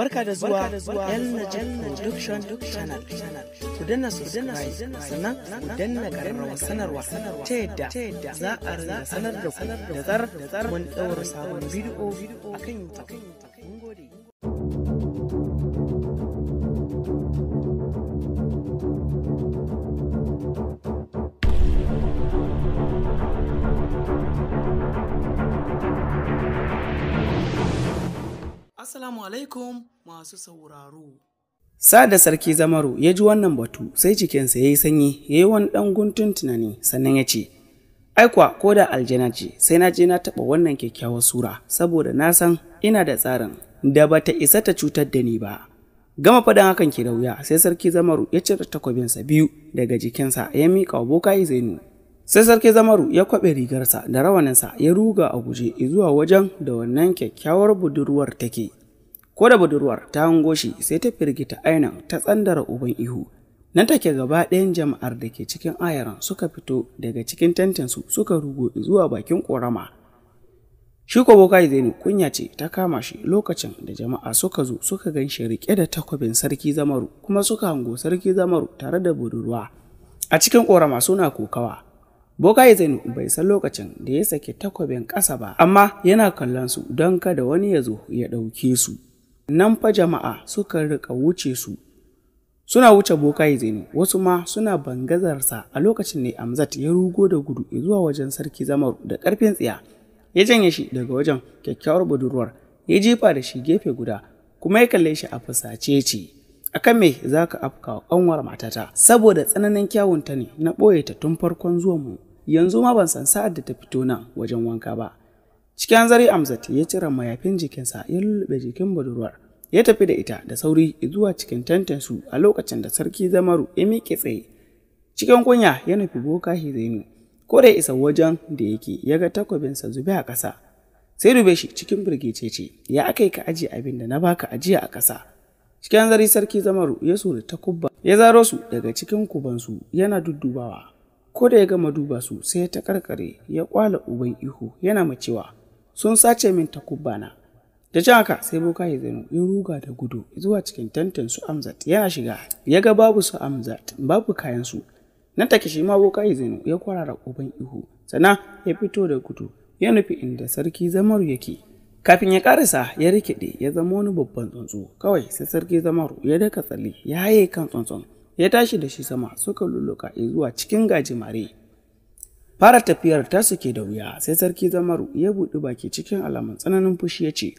Barka da zuwa El Najib Production Channel. Ku danna subscribe sannan ku danna karamar sanarwa ta yadda za a rinda sanar da ku da zar mun ɗaura sabon bidiyo a kan YouTube. Mun gode. Assalamu alaikum masu sauraro. sa da sarki zamaru ya ji wannan batu sai cikinsa ya yi sanyi ya yi wani ɗan guntun tunani sannan ya ce, Aikwa ko da aljana ce sai na je na taɓa wannan kyakkyawar sura saboda na san ina da tsarin da ba ta isa ta cutar da ni ba. Gama faɗin hakan ke da wuya sai sarki zamaru ya cire takwabinsa biyu daga jikinsa ya miƙa wa bokayi zainu. Sai sarki zamaru ya kwaɓe rigarsa da rawaninsa ya ruga a guje zuwa wajen da wannan kyakkyawar budurwar take. ko da budurwar ta hango shi sai ta firgita ainihin ta tsandara uban ihu nan take gaba ɗayan jama'ar da ke cikin ayaran suka fito daga cikin tentinsu suka rugo zuwa bakin ƙorama shi ko bokai zainu kunya ce ta kama shi lokacin da jama'a suka zo suka gan shi rike da takwabin sarki zamaru kuma suka hango sarki zamaru tare da budurwa a cikin ƙorama suna kokawa bokai zainu bai san lokacin da ya sake takwabin ƙasa ba amma yana kallon su don kada wani ya zo ya ɗauke su nan fa jama'a suka rika wuce su suna wuce boka ya zainu wasu ma suna bangazarsa a lokacin ne amzat ya rugo da gudu zuwa wajen sarki zamar da karfin tsiya ya janye shi daga wajen kyakkyawar budurwar ya jefa da shi gefe guda kuma ya kalle shi a fusace ce akan me za ka afka wa ƙanwar matata saboda tsananin kyawunta ne na ɓoye ta tun farkon zuwan mu, yanzu ma ban san sa'ad da ta fito nan wajen wanka ba Cikin zari Amzat ya cire mayafin jikinsa ya lulluɓe jikin budurwar. Ya tafi da ita da sauri zuwa cikin tantansu a lokacin da sarki Zamaru ya miƙe tsaye. Cikin kunya ya nufi boka Hizainu. Ko da isa wajen da yake ya ga takwabinsa zube a ƙasa. Sai dube shi cikin birgice ce ya aka yi ka ajiye abin da na baka ajiya a ƙasa. Cikin zari sarki Zamaru ya suri kubba. ya zaro su daga cikin kubansu yana duddubawa. Ko da ya gama duba su sai ta karkare ya kwala uban ihu yana macewa sun sace min takubana da jin haka sai boka ya zano ya ruga da gudu zuwa cikin tantan su amzat yana shiga ya ga babu su amzat babu kayansu. Na take shi ma boka ya zano ya kwarara uban ihu sana ya fito da gudu ya nufi inda sarki zamaru yake kafin ya karisa ya rikide ya zama wani babban tsuntsu kawai sai sarki zamaru ya daka tsalle ya haye kan tsuntsun ya tashi da shi sama suka lulluka zuwa cikin gajimare fara tafiyar ta suke da wuya sai sarki zamaru ya buɗi baki cikin alamun tsananin fushi ya ce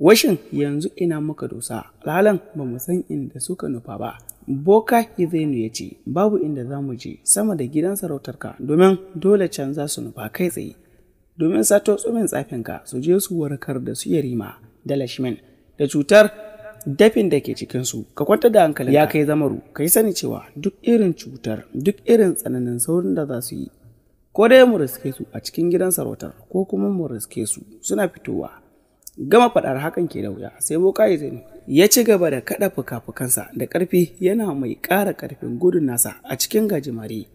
washin yanzu ina muka dosa lalan ba mu san inda suka nufa ba boka hizainu ya ce babu inda za mu je sama da gidan sarautarka domin dole can za su nufa kai tsaye domin sato tsumin tsafinka su je su warkar da su yarima da lashmin da cutar dafin da ke cikinsu ka kwanta da hankali ya kai zamaru ka yi sani cewa duk irin cutar duk irin tsananin saurin da za su yi ko dai mu riske su a cikin gidan sarautar ko kuma mu riske su suna fitowa gama faɗar hakan ke da wuya sai boka ya zai ya ci gaba da kaɗa fuka-fukansa da ƙarfi yana mai ƙara ƙarfin gudun nasa a cikin gajimare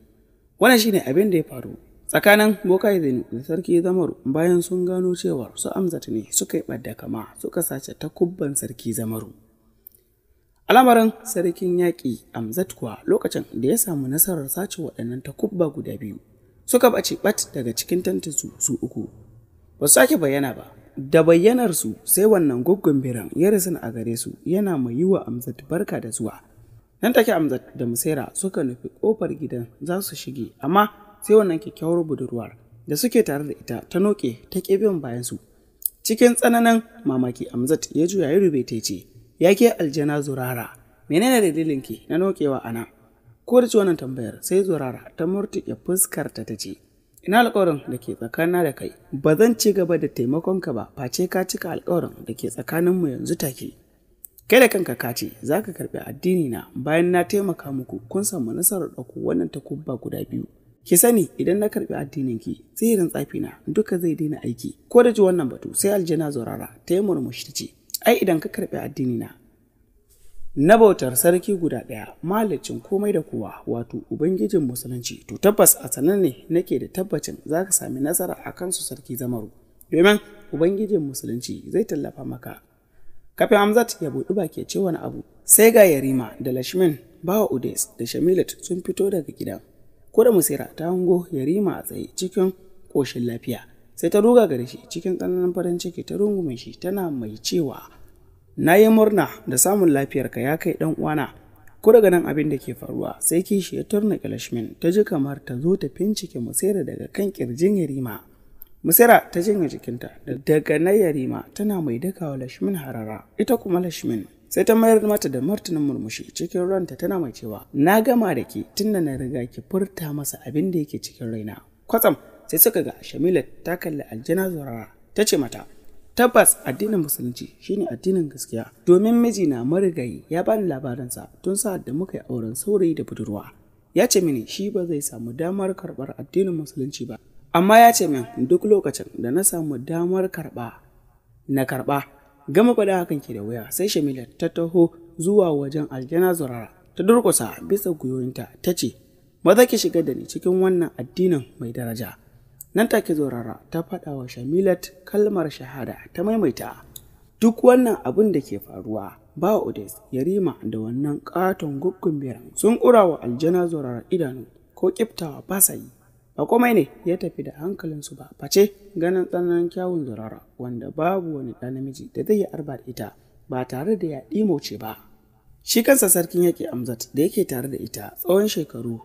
wannan shine abin da ya faru tsakanin boka ya zai da sarki zamaru bayan sun gano cewa su amzat ne suka yi ɓadda kama suka sace takubban sarki zamaru al'amarin sarkin yaƙi amzat kuwa lokacin da ya samu nasarar sace waɗannan takubba guda biyu suka ɓace ɓat daga cikin tantansu su uku ba su sake bayyana ba da bayyanar su sai wannan goggon biran ya rasu a gare su yana mai yi wa amzat barka da zuwa nan take amzat da musaira suka nufi kofar gidan za su shige amma sai wannan kyakkyawar budurwar da suke tare da ita ta noke ta bin bayan su cikin tsananan mamaki amzat ya juya ya rube ta ce ya ke aljana zurara menene dalilin ki na nokewa ana ko da wannan tambayar sai zurara ta ya fuskarta ta ce ina alkawarin da ke tsakanina da kai ba zan ci gaba da taimakonka ba face ka cika alkawarin da ke tsakaninmu yanzu take kai da kanka ka ce za ka karɓi addini na bayan na taimaka muku kun samu nasarar ɗauko wannan takubba guda biyu ki sani idan na karɓi addinin ki tsirin tsafi na duka zai daina aiki ko da ji wannan batu sai aljana zorara ta yi murmushi ta ce ai idan ka karɓi addini na na bautar sarki guda ɗaya malicin komai da kowa wato ubangijin musulunci to tabbas a sanar ne nake da tabbacin za ka sami nasara a kansu sarki zamaru domin ubangijin musulunci zai tallafa maka kafin amzat ya buɗi ke ce wani abu sai ga yarima da lashmin bawa udes da shamilat sun fito daga gidan ko da musira ta hango yarima a tsaye cikin ƙoshin lafiya sai ta ruga gare shi cikin tsananin farin ciki ta rungume shi tana mai cewa na yi murna da samun lafiyarka ya kai ɗan uwana ko daga nan abin da ke faruwa sai kishi ya turna kalashmin ta ji kamar ta zo ta fincike musaira daga kan kirjin yarima musaira ta jinya jikinta daga na yarima tana mai dakawa lashmin harara ita kuma lashmin sai ta mayar mata da martinin murmushi cikin ranta tana mai cewa na gama da ke tun da na riga ki furta masa abin da yake cikin raina kwatsam sai suka ga shamila ta kalli aljana zurara ta ce mata tabbas addinin musulunci shine addinin gaskiya domin miji na marigayi ya bani labaransa tun sa'ad da muka yi auren saurayi da budurwa ya ce mini shi ba zai samu damar karɓar addinin musulunci ba amma ya ce min duk lokacin da na samu damar karɓa na karɓa gama faɗa hakan ke da wuya sai shamila ta taho zuwa wajen aljana zurara ta durkusa bisa guyoyinta ta ce maza ki shiga da ni cikin wannan addinin mai daraja nan take zorara ta faɗa wa shamilat kalmar shahada ta maimaita duk wannan abin da ke faruwa ba odes yarima da wannan katon guggun biran sun ƙurawa wa aljana zorara idanu ko ƙiftawa ba sa yi ne ya tafi da hankalinsu ba face ganin tsananin kyawun zorara wanda babu wani ɗan namiji da zai yi arba da ita ba tare da ya ɗimauce ba shi kansa sarkin yake amzat da yake tare da ita tsawon shekaru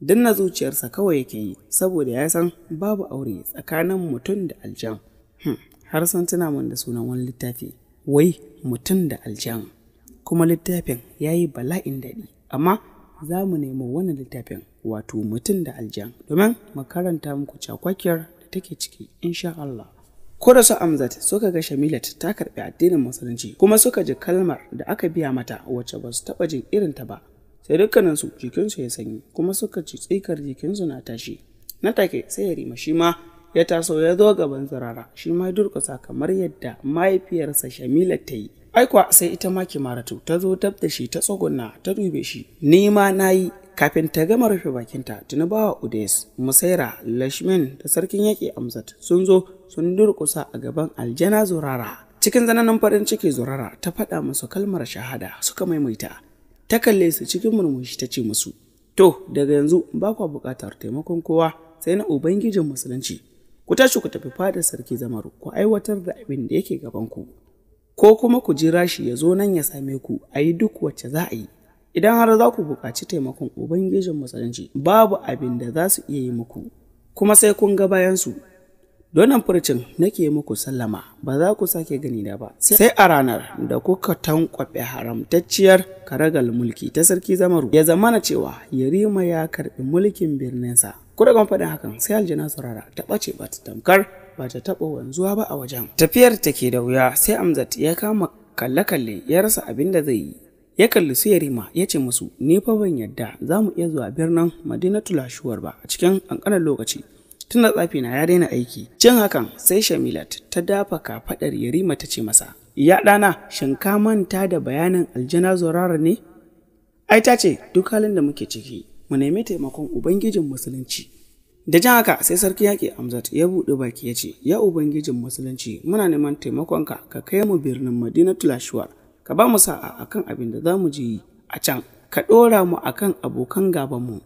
danna zuciyarsa kawai yake yi saboda ya san babu aure tsakanin mutum da aljan hmm, har sun tuna mun da sunan wani littafi wai mutum da aljan kuma littafin ya yi bala'in daɗi amma za mu nemi wani littafin wato mutum da aljan domin mu karanta muku cakwakiyar da take ciki insha Allah ko da su amzat suka ga shamilat ta karɓi addinin musulunci kuma suka ji kalmar da aka biya mata wacce ba su taɓa jin irin ta ba sai dukkaninsu jikinsu ya sanyi kuma suka ci tsikar jikinsu na tashi na take sai ya rima shi ma ya taso ya zo gaban zarara shi ma durƙusa kamar yadda mahaifiyarsa shamila ta yi aikwa sai ita ma kimaratu ta zo tab shi ta tsoguna ta dube shi ni ma na yi kafin ta gama rufe bakinta tuni bawa udes musaira lashmin da sarkin yake amsat sun zo sun durƙusa a gaban aljana zurara cikin zananin farin ciki zurara ta faɗa musu kalmar shahada suka maimaita ta kalle su cikin murmushi ta ce musu to daga yanzu ba kwa buƙatar taimakon kowa sai na ubangijin musulunci ku tashi ku tafi fadar sarki zamaru ku aiwatar da abin da yake gaban ku ko kuma ku jira shi ya zo nan ya same ku a yi duk wacce za a yi idan har za ku buƙaci taimakon ubangijin musulunci babu abin da za su iya yi muku kuma sai kun ga bayansu Donan furcin nake muku sallama ba za ku sake gani da ba, sai a ranar da kuka tankwaɓe haramtacciyar karagal mulki ta sarki zamaru ya zamana cewa Yarima ya karɓi mulkin birninsa. Ku da faɗin hakan sai aljina saurara ta ɓace ba ta tamkar ba ta taɓa wanzuwa ba a wajen. Tafiyar ta ke da wuya sai Amzat ya kama kalle-kalle ya rasa abin da zai yi. ya kalli su yarima ya ce musu ni fa ban yadda za mu iya zuwa birnin madinatul ashuwar ba a cikin ƙanƙanin lokaci tsafi na ya daina aiki Jan hakan sai shamilat ta dafa kafaɗar yarima ta ce masa ya ɗana shin ka manta da bayanin aljana zorara ne ai ta ce duk halin da muke ciki mu nemi taimakon ubangijin musulunci da jan haka sai sarki yaƙi amzat ya buɗe baki ya ce ya ubangijin musulunci muna neman taimakonka ka kai mu birnin Madina ashwar ka ba mu sa'a akan abin da za mu je yi a can ka ɗora mu akan abokan gabanmu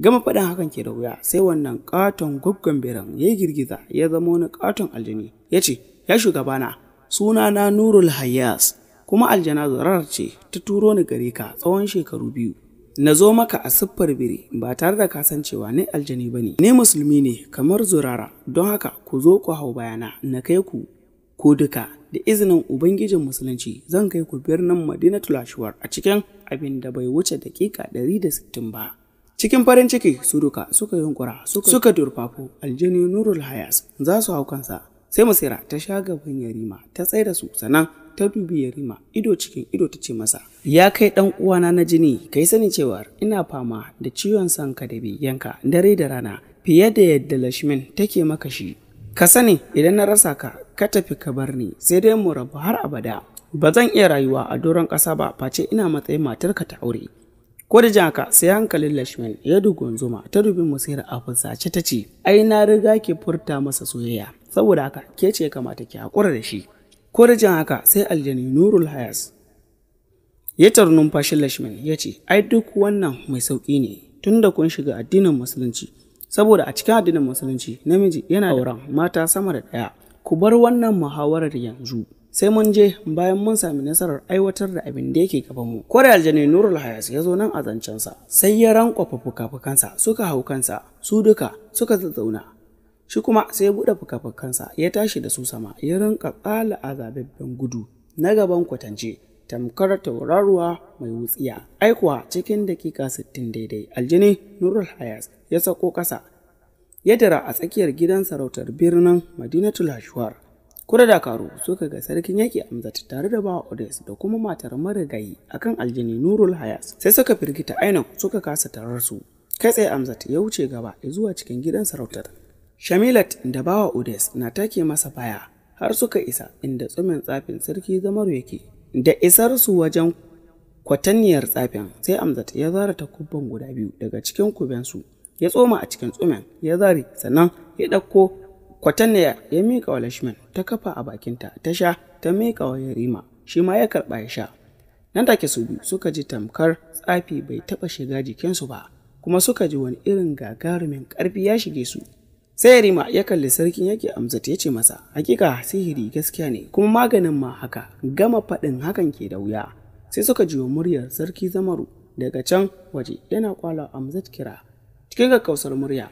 gama faɗin hakan ke da wuya sai wannan katon gwaggon biran ya girgiza ya zama wani katon aljini ya ce ya shugabana suna na nurul hayas kuma aljana zarar ce ta turo ni gare ka tsawon shekaru biyu na zo maka a siffar biri ba tare da kasancewa ni aljani ba ne ni musulmi ne kamar zurara don haka ku zo ku hau bayana na kai ku ko duka da izinin ubangijin musulunci zan kai ku birnin madinatul ashwar a cikin abin da bai wuce dakika 160 ba cikin farin ciki su duka suka yunkura suka durfafu aljini nurul hayas za su hau kansa sai masira ta sha gaban yarima ta tsaye da su sannan ta dubi yarima ido cikin ido ta ce masa ya kai dan uwana na jini kai sani cewar ina fama da ciwon sanka da biyanka dare da rana fiye da yadda lashmin take maka shi ka sani idan na rasa ka ka tafi ka bar ni sai dai mu rabu har abada ba zan iya rayuwa a doron ƙasa ba face ina matsayin matarka ta aure ko da haka sai hankalin lashmin ya dugunzuma ta dubin musira a fusace ta ce ai na riga ke furta masa soyayya saboda haka ke ce kamata ki hakura da shi ko da haka sai aljani nurul hayas ya tar numfashin lashmin ya ce ai duk wannan mai sauki ne tunda kun shiga addinin musulunci saboda a cikin addinin musulunci namiji yana da mata sama da ɗaya ku bar wannan muhawarar yanzu sai mun je bayan mun sami nasarar aiwatar da abin da yake gaban mu. Kwarai aljani Nurul Hayas ya zo nan a zancensa, sai ya rankwafa fuka-fukansa suka hau kansa, su duka suka zazzauna. Shi kuma sai ya buɗe fuka-fukansa ya tashi da su sama ya rinka tsala azababben gudu na gaban kwatance tamkar tauraruwa mai wutsiya. Aikuwa cikin dakika sittin daidai aljini Nurul Hayas ya sako ƙasa ya dara a tsakiyar gidan sarautar birnin Madinatul Hashwar. Kura Dakaru suka ga sarkin yaki Amzat tare da bawa Odes da kuma matar marigayi akan aljini Nurul Hayas sai suka firgita ainan suka kasa tarar su. Kai tsaye Amzat ya wuce gaba ya zuwa cikin gidan sarautar. Shamilat da bawa Odes na take masa baya har suka isa inda tsumin tsafin sarki Zamaru yake. Da isar su wajen kwatanniyar tsafin sai Amzat ya zara kubban guda biyu daga cikin kubensu ya tsoma a cikin tsumin ya zari sannan ya ɗauko kwatanniya ya miƙa wa lashman ta kafa a bakinta ta sha ta miƙa wa yarima shi ma ya karɓa ya sha nan take su biyu suka ji tamkar tsafi bai taɓa shiga jikinsu ba kuma suka ji wani irin gagarumin ƙarfi ya shige su sai yarima ya kalli sarkin yake amsa ta yace masa hakika sihiri gaskiya ne kuma maganin ma haka gama faɗin hakan ke da wuya sai suka ji wa muryar sarki zamaru daga can waje yana kwala Amzat kira cikin kakkausar murya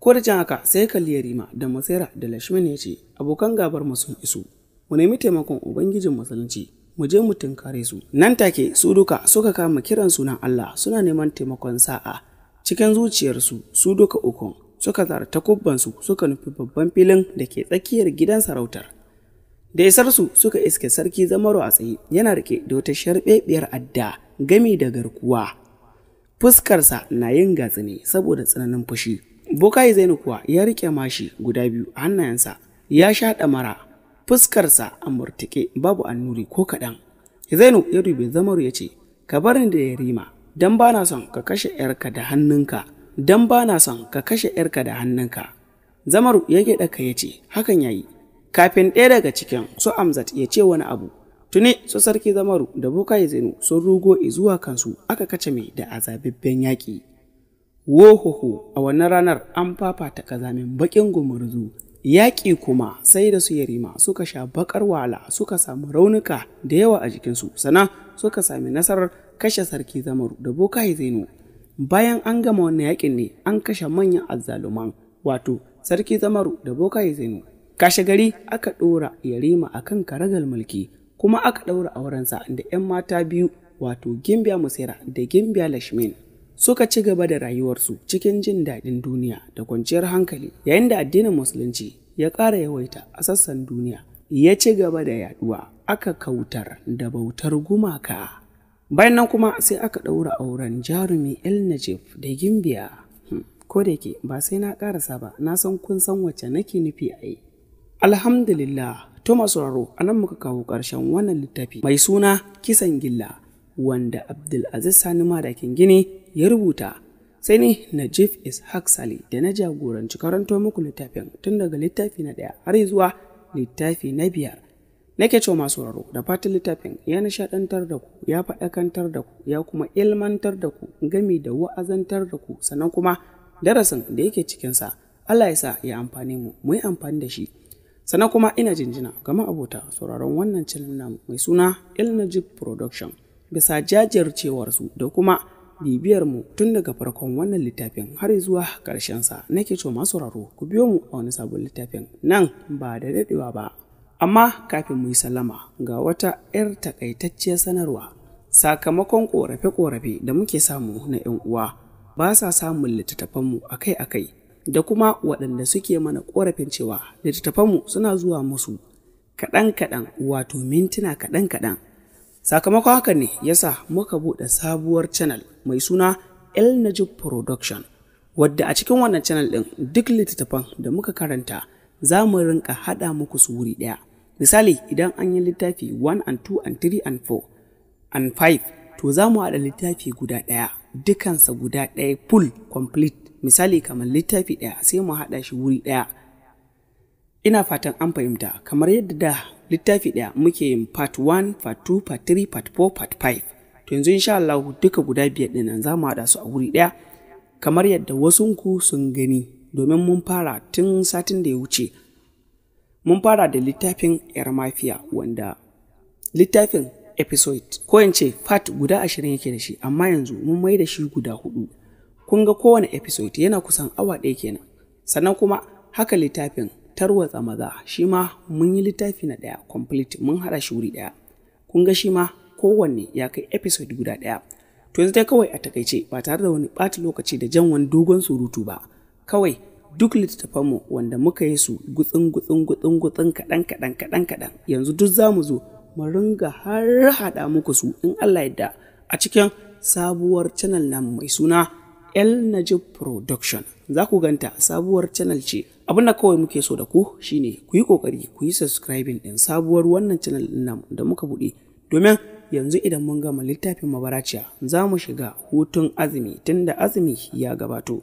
ko da can haka sai kalli yarima da Masera da lashmin ya ce abokan gabar mu sun iso mu nemi taimakon ubangijin musulunci mu je mu tunkare su nan take su duka suka kama kiran sunan Allah suna neman taimakon sa'a cikin zuciyarsu su duka ukun suka zara takubbansu suka nufi babban filin da ke tsakiyar gidan sarautar da isarsu suka iske sarki zamaro a tsaye yana rike da wata sharbebiyar adda gami da garkuwa fuskarsa na yin gatsi ne saboda tsananin fushi Bokai Zainu kuwa ya rike mashi guda biyu a hannayensa, ya sha ɗamara, fuskarsa a murtuke babu annuri ko kaɗan. Zainu ya dubi zamar ya ce, Ka bar ni da yarima, don ba na son ka kashe ‘yarka da hannunka, don ba na son ka kashe ‘yarka da hannunka. Zamaru ya gyaɗa ka ya ce, Hakan ya yi, kafin ɗaya daga cikin su Amzat ya ce wani abu. Tuni su sarki Zamaru da Bokai Zainu sun rugo zuwa kansu aka kace mai da azabibben yaƙi. wohoho a wannan ranar an fafata kazamin bakin gumurzu yaƙi kuma sai da su yarima suka sha bakar wahala suka samu raunuka da yawa a jikinsu sana suka sami nasarar kashe sarki zamaru da bokai zainu bayan an gama wannan yaƙin ne an kashe manyan azzaluman wato sarki zamaru da bokai zainu kashe gari aka ɗora yarima a kan karagal mulki kuma aka ɗaura aurensa da 'yan mata biyu wato gimbiya musera da gimbiya lashmin suka ci gaba da rayuwarsu cikin jin daɗin duniya da kwanciyar hankali yayin da addinin musulunci ya ƙara yawaita a sassan duniya ya ci gaba da yaduwa aka kautar da bautar gumaka bayan nan kuma sai aka ɗaura auren jarumi el najib da gimbiya hmm, ko da ke ba sai na ƙarasa ba na san kun san wacce nake nufi a yi alhamdulillah thomas raro a nan muka kawo ƙarshen wannan littafi mai suna kisan gilla wanda abdulaziz sani madakin gini ya rubuta sai ne najif is haksali da na jagoranci karanto muku littafin tun daga littafi na ɗaya har zuwa littafi na biyar nake cewa masu raro da fatan littafin ya nishaɗantar da ku ya faɗakantar da ku ya kuma ilmantar da ku gami da wa'azantar da ku sannan kuma darasin da yake cikinsa Allah ya sa ya amfani mu mu yi amfani da shi sannan kuma ina jinjina ga abota sauraron wannan cilin namu mai suna ilnajib production bisa jajircewarsu da kuma bibiyar mu tun daga farkon wannan littafin har zuwa sa nake ce masu raro ku biyo mu a wani sabon littafin nan ba da daɗewa ba. Amma kafin mu yi sallama ga wata 'yar takaitacciyar sanarwa sakamakon ƙorafe-ƙorafe da muke samu na 'yan uwa ba sa samun littattafan mu akai-akai da kuma waɗanda suke mana ƙorafin cewa littattafan mu suna zuwa musu kaɗan-kaɗan wato mintuna kaɗan-kaɗan sakamakon haka ne yasa muka buɗe sabuwar channel mai suna el najib production wadda a cikin wannan channel ɗin duk littattafan da muka karanta za mu rinka haɗa muku su wuri ɗaya misali idan an yi littafi 1 and 2 and 3 and 4 and 5 to za mu haɗa littafi guda ɗaya dukansa guda ɗaya full complete misali kamar littafi ɗaya sai mu haɗa shi wuri ɗaya ina fatan an fahimta kamar yadda da littafi ɗaya muke yin part 1 part 2 part 3 part 4 part 5 to yanzu insha Allah duka guda biyar ɗin nan za mu haɗa su a wuri ɗaya kamar yadda wasunku sun gani domin mun fara tun satin da ya wuce mun fara da littafin yar mafiya wanda littafin episode ko in ce part guda ashirin yake da shi amma yanzu mun mai da shi guda hudu kun ga kowane episode yana kusan awa ɗaya kenan sannan kuma haka littafin tarwatsa maza shi ma mun yi littafi na ɗaya complete mun haɗa shi wuri ɗaya kun ga shi ma kowanne ya kai episode guda ɗaya to yanzu dai kawai a takaice ba tare da wani ɓata lokaci da jan wani dogon surutu ba kawai duk littattafan mu wanda muka yi su gutsin gutsin gutsin gutsin kaɗan kaɗan kaɗan kaɗan yanzu duk za mu zo mu ringa har haɗa muku su in Allah yadda a cikin sabuwar channel namu mai suna El Najib Production za ku ganta sabuwar channel ce abin da kawai muke so da ku shine ku yi kokari ku yi subscribing din sabuwar wannan channel din namu da muka buɗe domin yanzu idan mun gama littafin mabaraciya za mu shiga hutun azumi tunda azumi ya gabato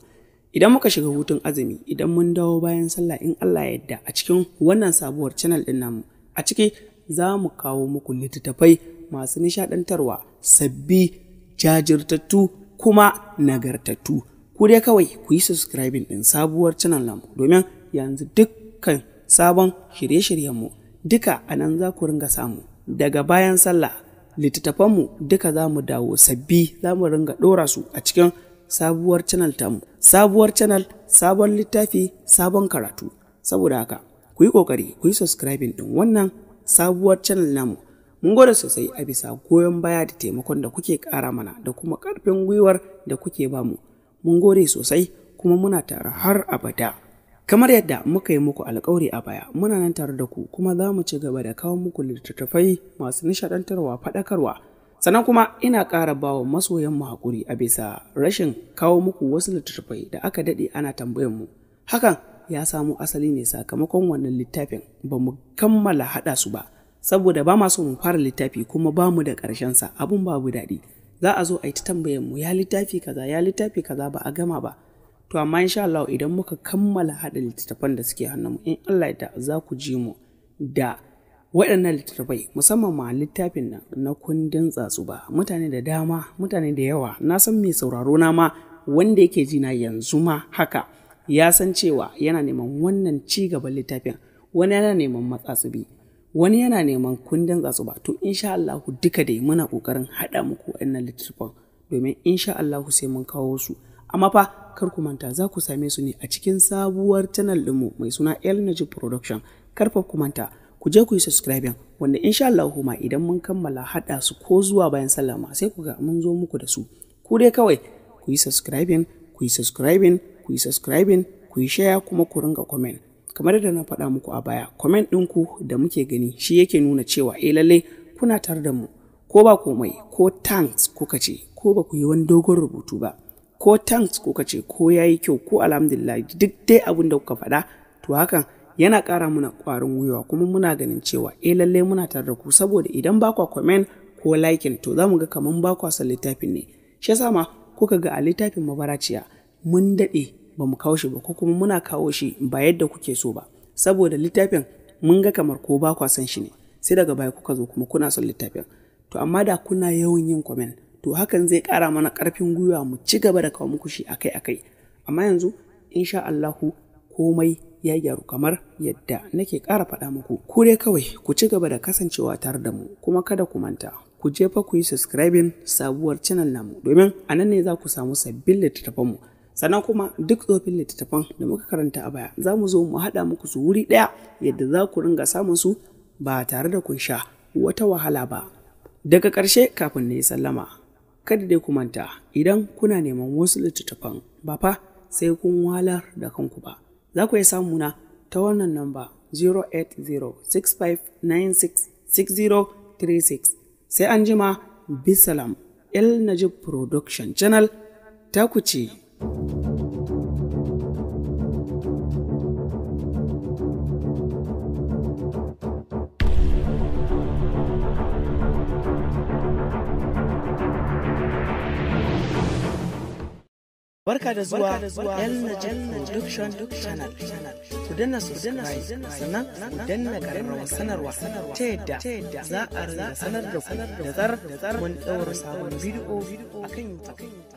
idan muka shiga hutun azumi idan mun dawo bayan sallah in Allah ya yarda a cikin wannan sabuwar channel din namu a ciki za mu kawo muku littattafai masu nishadantarwa sabbi jajirtattu kuma nagartattu ku dai kawai ku yi subscribing ɗin sabuwar channel namu domin yanzu dukkan sabon shirye-shiryenmu duka a nan za ku ringa samu daga bayan sallah littattafanmu duka za mu dawo sabbi za mu ringa ɗora su a cikin sabuwar channel tamu sabuwar channel sabon littafi sabon karatu saboda haka ku yi ƙoƙari ku yi subscribing ɗin wannan sabuwar channel namu Mun gode sosai a bisa goyon baya da taimakon da kuke ƙara mana da kuma ƙarfin gwiwar da kuke ba mu Mun gode sosai kuma muna tare har abada. Kamar yadda muka yi muku alkawari a baya, muna nan tare da ku kuma za mu ci gaba da kawo muku littattafai masu nishaɗantarwa faɗakarwa. Sannan kuma ina ƙara bawa masoyan mu haƙuri a bisa rashin kawo muku wasu littattafai da aka daɗe ana tambayan mu. Hakan ya samo asali ne sakamakon wannan littafin ba mu kammala haɗa su ba. saboda ba ma so mu fara littafi kuma ba mu da ƙarshen sa abun babu daɗi za a zo a yi ta tambayar mu ya littafi kaza ya littafi kaza ba a gama ba to amma insha Allah idan muka kammala haɗa littattafan da suke hannun mu in Allah ya za ku ji mu da waɗannan littattafai musamman ma littafin nan na kundin ba? mutane da dama mutane da yawa na san mai sauraro na ma wanda yake ji na yanzu ma haka ya san cewa yana neman wannan ci gaban littafin wani yana neman matsatsubi wani yana neman kundin tsatsuba to insha Allah duka dai muna kokarin haɗa muku wannan littafin domin insha Allah sai mun kawo su amma fa kar ku manta za ku same su ne a cikin sabuwar channel mu mai suna El Production kar fa ku manta ku je ku yi subscribe wanda insha Allah ma idan mun kammala haɗa su ko zuwa bayan sallama sai ku ga mun zo muku da su ku dai kawai ku yi subscribing ku yi subscribing ku yi subscribing ku yi share kuma ku ringa comment kamar da na faɗa muku a baya ɗin ɗinku da muke gani shi yake nuna cewa eh lallai kuna tare da mu ko ba komai ko tanks kuka ce ko ba ku yi wani dogon rubutu ba ko tanks kuka ce ko ya yi kyau ko alhamdulillah duk dai abin da kuka faɗa to hakan yana ƙara muna ƙwarin gwiwa kuma muna ganin cewa eh lallai muna tare da ku saboda idan ba kwa ko likin to za mu ga kamar ba kwa son littafin ne shi yasa ma kuka ga a littafin mabaraciya mun daɗe ba mu kawo shi ba ko kuma muna kawo shi ba yadda kuke so ba saboda littafin mun ga kamar ko ba kwa san shi ne sai daga baya kuka zo kuma kuna son littafin to amma da kuna yawan yin comment to hakan zai kara mana karfin gwiwa mu ci gaba da kawo muku shi akai akai amma yanzu insha Allahu komai ya gyaru kamar yadda nake kara faɗa muku ku dai kawai ku ci gaba da kasancewa tare da mu kuma kada ku manta ku jefa ku yi subscribing sabuwar channel namu domin a nan ne za ku samu sabbin littattafanmu mu sannan kuma duk tsofin littattafan da muka karanta a baya za mu zo mu haɗa muku su wuri ɗaya yadda za ku ringa samun su ba tare da kun sha wata wahala ba daga ƙarshe kafin na yi sallama kada dai ku manta idan kuna neman wasu littattafan ba fa sai kun walar da kanku ba za ku iya samu na ta wannan namba 08065966036 sai an jima bisalam el najib production channel ta ku ce Barka da zuwa Yalna Jalla Production Channel. Ku danna subscribe sannan ku danna ƙararrawar sanarwa ta yadda za a rinda sanar da ku da zar mun ɗaura sabon bidiyo a kan YouTube.